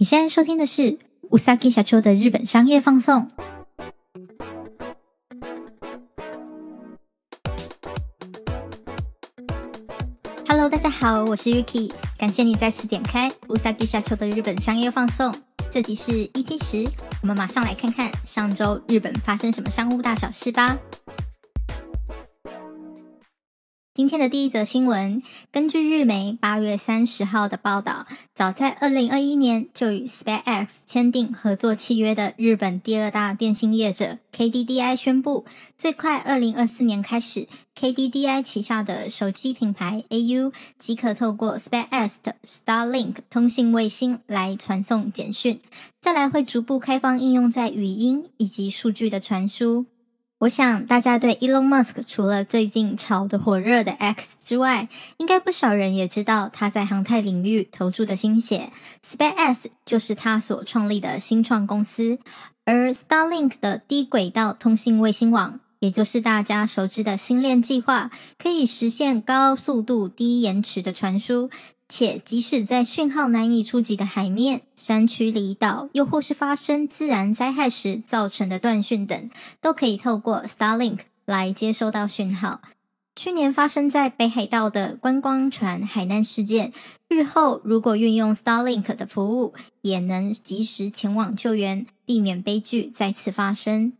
你現在收聽的是《うさぎ社長》的日本商業放送。Hello，大家好，我是 Yuki，感謝你再次點開《うさぎ社長》的日本商業放送。這集是 EP 十，我們馬上來看看上周日本發生什麼商務大小事吧。今天的第一則新聞，根據日媒八月三十號的報道，早在二零二一年就與 SpaceX 簽訂合作契約的日本第二大電信業者 KDDI 宣布，最快二零二四年開始，KDDI 旗下的手機品牌 AU 即可透過 SpaceX 的 Starlink 通信衛星來傳送簡訊，再來會逐步開放應用在語音以及數據的傳輸。我想大家對 Elon Musk 除了最近炒得火熱的 X 之外，應該不少人也知道他在航太領域投注的心血，SpaceX 就是他所創立的新創公司，而 Starlink 的低軌道通信衛星網，也就是大家熟知的星鏈計劃，可以實現高速度、低延遲的傳輸。且即使在訊號難以觸及的海面、山區、離島，又或是發生自然災害時造成的斷訊等，都可以透過 Starlink 來接收到訊號。去年發生在北海道的觀光船海難事件，日後如果運用 Starlink 的服務，也能及時前往救援，避免悲劇再次發生。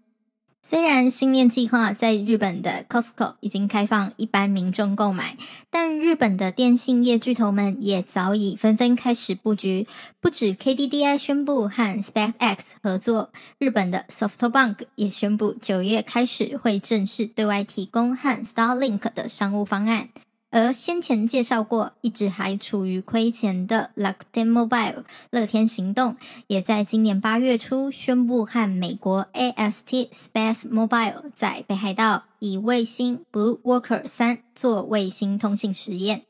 雖然星鏈計劃在日本的 Costco 已經開放一般民眾購買，但日本的電信業巨頭們也早已紛紛開始布局。不止 KDDI 宣布和 SpaceX 合作，日本的 SoftBank 也宣布九月開始會正式對外提供和 Starlink 的商務方案。而先前介紹過，一直還處於虧錢的 Rakuten Mobile 樂天行動，也在今年八月初宣布和美國 AST Space Mobile 在北海道以衛星 BlueWalker 三做衛星通信實驗。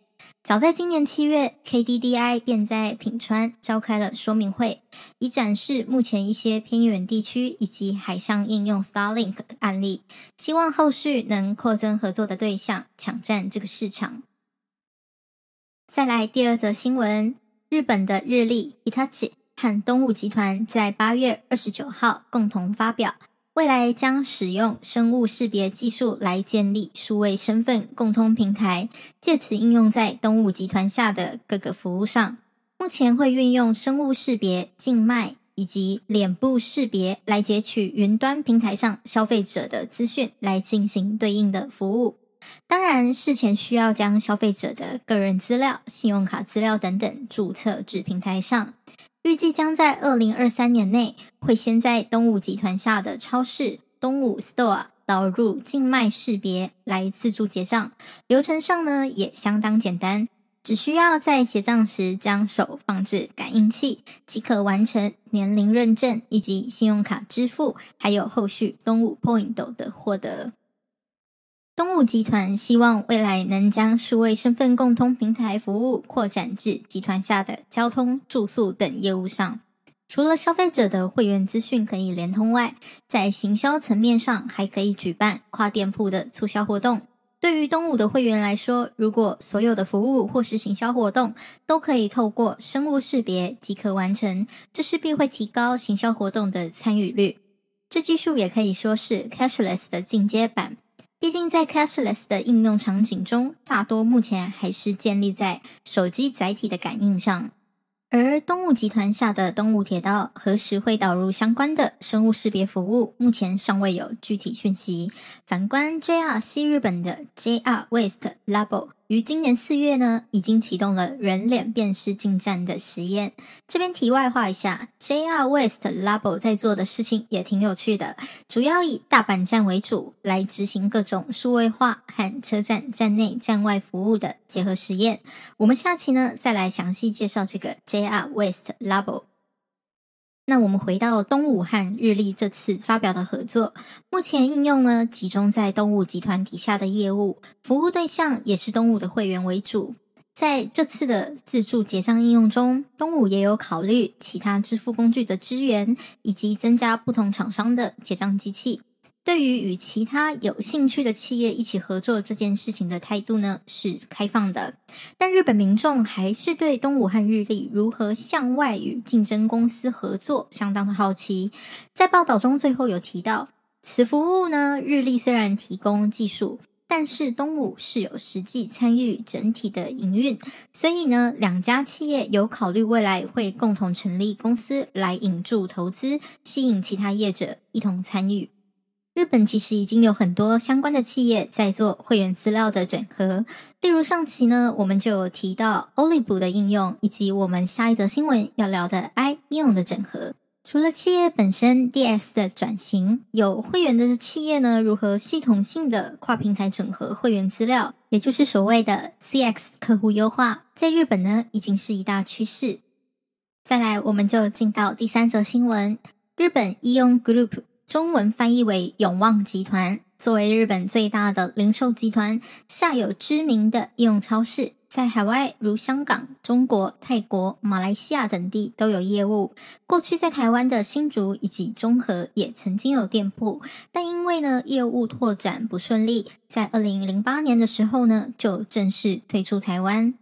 早在今年七月，KDDI 便在品川召開了說明會，以展示目前一些偏遠地區以及海上應用 Starlink 的案例，希望後續能擴增合作的對象，搶佔這個市場。再來第二則新聞，日本的日立 Hitachi 和東武集團在八月二十九號共同發表。未來將使用生物識別技術來建立數位身份共通平台，借此應用在東武集團下的各個服務上。目前會運用生物識別、靜脈以及臉部識別來截取雲端平台上消費者的資訊，來進行對應的服務。當然，事前需要將消費者的個人資料、信用卡資料等等注冊至平台上。預計將在二零二三年內，會先在東武集團下的超市東武 Store 導入靜脈識別來自助結賬。流程上呢，也相當簡單，只需要在結賬時將手放置感應器，即可完成年齡認證以及信用卡支付，還有後續東武 Point 的獲得。東武集團希望未來能將數位身份共通平台服務擴展至集團下的交通、住宿等業務上。除了消費者的會員資訊可以連通外，在行銷層面上還可以舉辦跨店鋪的促銷活動。對於東武的會員來說，如果所有的服務或是行銷活動都可以透過生物識別即可完成，這勢必會提高行銷活動的參與率。這技術也可以說是 Cashless 的進階版。畢竟，在 cashless 的應用場景中，大多目前還是建立在手機載體的感應上。而東武集團下的東武鐵道何時會導入相關的生物識別服務，目前尚未有具體訊息。反觀 JR 西日本的 JR West Labo。於今年四月呢，已經啟動了人臉辨識進站的實驗。這邊題外話一下，JR West Labo 在做的事情也挺有趣的，主要以大阪站為主，來執行各種數位化和車站站內站外服務的結合實驗。我們下期呢，再來詳細介紹這個 JR West Labo。那我們回到東武和日立這次發表的合作，目前應用呢，集中在東武集團底下的業務，服務對象也是東武的會員為主。在這次的自助結賬應用中，東武也有考慮其他支付工具的支援，以及增加不同廠商的結賬機器。對於與其他有興趣的企業一起合作這件事情的態度呢，是開放的。但日本民眾還是對東武和日立如何向外與競爭公司合作相當的好奇。在報道中最後有提到，此服務呢，日立雖然提供技術，但是東武是有實際參與整體的營運。所以呢，兩家企業有考慮未來會共同成立公司來引注投資，吸引其他業者一同參與。日本其實已經有很多相關的企業在做會員資料的整合，例如上期呢，我們就有提到 Olive 的應用，以及我們下一則新聞要聊的 iAEON 的整合。除了企業本身 DS 的轉型，有會員的企業呢，如何系統性的跨平台整合會員資料，也就是所謂的 CX 客戶優化，在日本呢，已經是一大趨勢。再來，我們就進到第三則新聞：日本 AEON Group。中文翻譯為永旺集團，作為日本最大的零售集團，下有知名的應用超市，在海外如香港、中國、泰國、馬來西亞等地都有業務。過去在台灣的新竹以及中和也曾經有店鋪，但因為呢業務拓展不順利，在二零零八年的時候呢就正式退出台灣。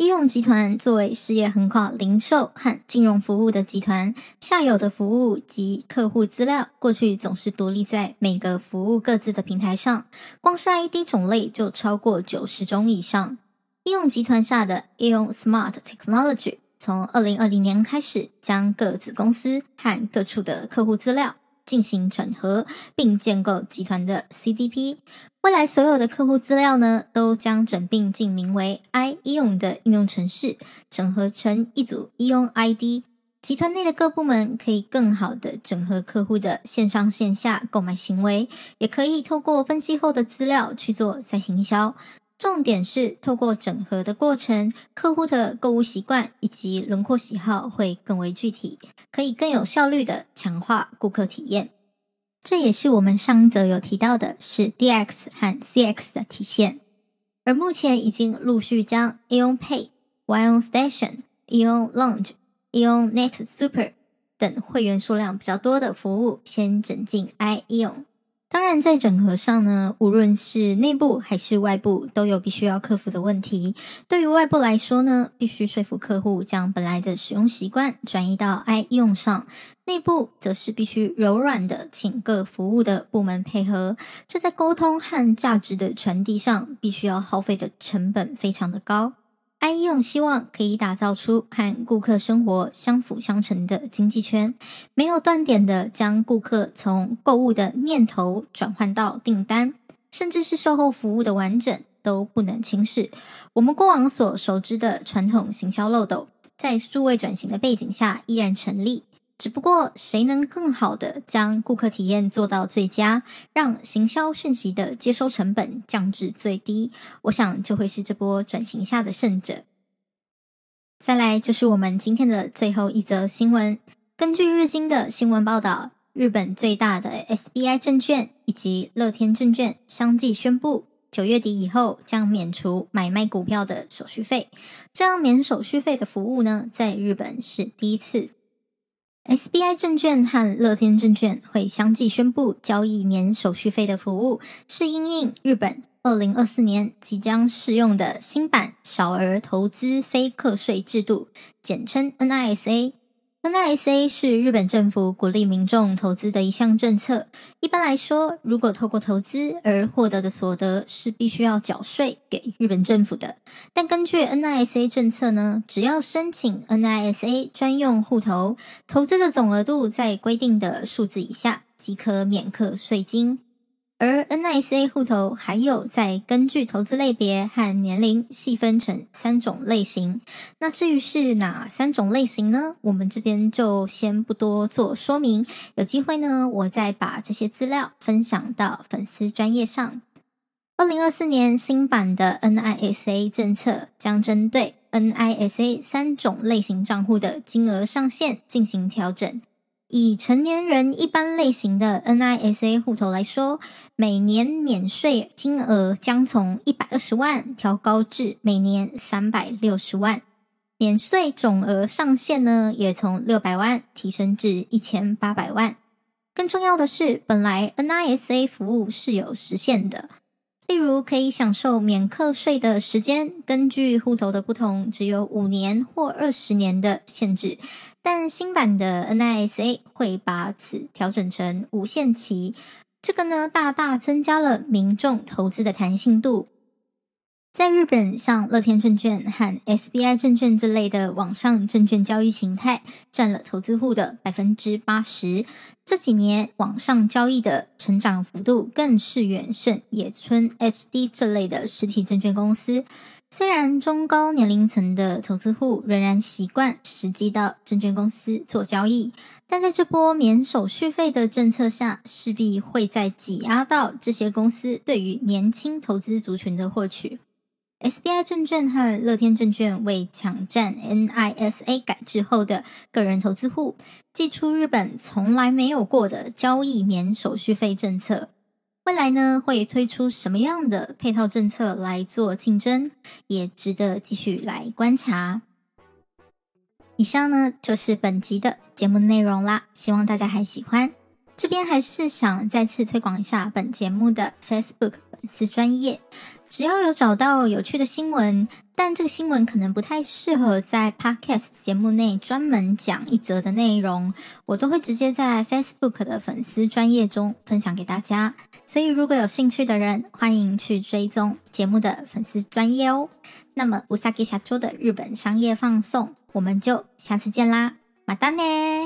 醫用集團作為事業橫跨零售和金融服務的集團，下游的服務及客戶資料過去總是獨立在每個服務各自的平台上，光是 ID 種類就超過九十種以上。醫用集團下的醫用 Smart Technology 從二零二零年開始，將各子公司和各處的客戶資料。進行整合，並建構集團的 CDP。未來所有的客戶資料呢，都將整併進名為 iAEON 的應用程式，整合成一組 AEON ID。集團內的各部門可以更好的整合客戶的線上線下購買行為，也可以透過分析後的資料去做再行銷。重點是透過整合的過程，客戶的購物習慣以及輪廓喜好會更為具體，可以更有效率地強化顧客體驗。這也是我們上一則有提到的是 DX 和 CX 的體現，而目前已經陸續將 AEON Pay、AEON Station、AEON Lounge、AEON Net Super 等會員數量比較多的服務，先整進 iAEON。當然，在整合上呢，無論是內部還是外部，都有必須要克服的問題。對於外部來說呢，必須說服客戶將本來的使用習慣轉移到 i 用上；內部則是必須柔軟的，請各服務的部門配合。這在溝通和價值的傳遞上，必須要耗費的成本非常的高。AEON 希望可以打造出和顧客生活相輔相成的經濟圈，沒有斷點的將顧客從購物的念頭轉換到訂單，甚至是售後服務的完整都不能輕視。我們過往所熟知的傳統行銷漏斗，在數位轉型的背景下依然成立。只不過，誰能更好的將顧客體驗做到最佳，讓行銷訊息的接收成本降至最低，我想就會是這波轉型下的勝者。再來就是我們今天的最後一則新聞。根據日經的新聞報道，日本最大的 SBI 證券以及樂天證券相繼宣布，九月底以後將免除買賣股票的手續費。這樣免手續費的服務呢，在日本是第一次。SBI 證券和樂天證券會相繼宣布交易免手續費的服務，是因應日本二零二四年即將適用的新版少額投資非課稅制度，簡稱 NISA。NISA 是日本政府鼓勵民眾投資的一項政策。一般來說，如果透過投資而獲得的所得是必須要繳稅給日本政府的，但根據 NISA 政策呢，只要申請 NISA 專用戶頭，投資的總額度在規定的數字以下，即可免課稅金。而 NISA 戶頭還有再根據投資類別和年齡細分成三種類型。那至於是哪三種類型呢？我們這邊就先不多做說明。有機會呢，我再把這些資料分享到粉絲專頁上。2024年新版的 NISA 政策將針對 NISA 三種類型賬戶的金額上限進行調整。以成年人一般類型的 NISA 戶頭來說，每年免稅金額將從一百二十萬調高至每年三百六十萬，免稅總額上限呢也從六百萬提升至一千八百萬。更重要的是，本來 NISA 服務是有時限的。例如，可以享受免課稅的時間，根據戶頭的不同，只有五年或二十年的限制。但新版的 NISA 會把此調整成無限期，這個呢，大大增加了民眾投資的彈性度。在日本，像樂天證券和 SBI 證券這類的網上證券交易形態占了投資戶的百分之八十。這幾年網上交易的成長幅度更是遠勝野村 HD 這類的實體證券公司。雖然中高年齡層的投資戶仍然習慣實際到證券公司做交易，但在這波免手續費的政策下，勢必會再擠壓到這些公司對於年輕投資族群的獲取。SBI 證券和樂天證券為搶佔 NISA 改制後的個人投資戶，祭出日本從來沒有過的交易免手續費政策。未來呢，會推出什麼樣的配套政策來做競爭，也值得繼續來觀察。以上呢，就是本集的節目內容啦，希望大家還喜歡。這邊還是想再次推廣一下本節目的 Facebook。粉絲專頁，只要有找到有趣的新聞，但這個新聞可能不太適合在 Podcast 節目內專門講一則的內容，我都會直接在 Facebook 的粉絲專頁中分享給大家。所以如果有興趣的人，歡迎去追蹤節目的粉絲專頁哦。那麼，うさぎ社長的日本商業放送，我們就下次見啦，またね。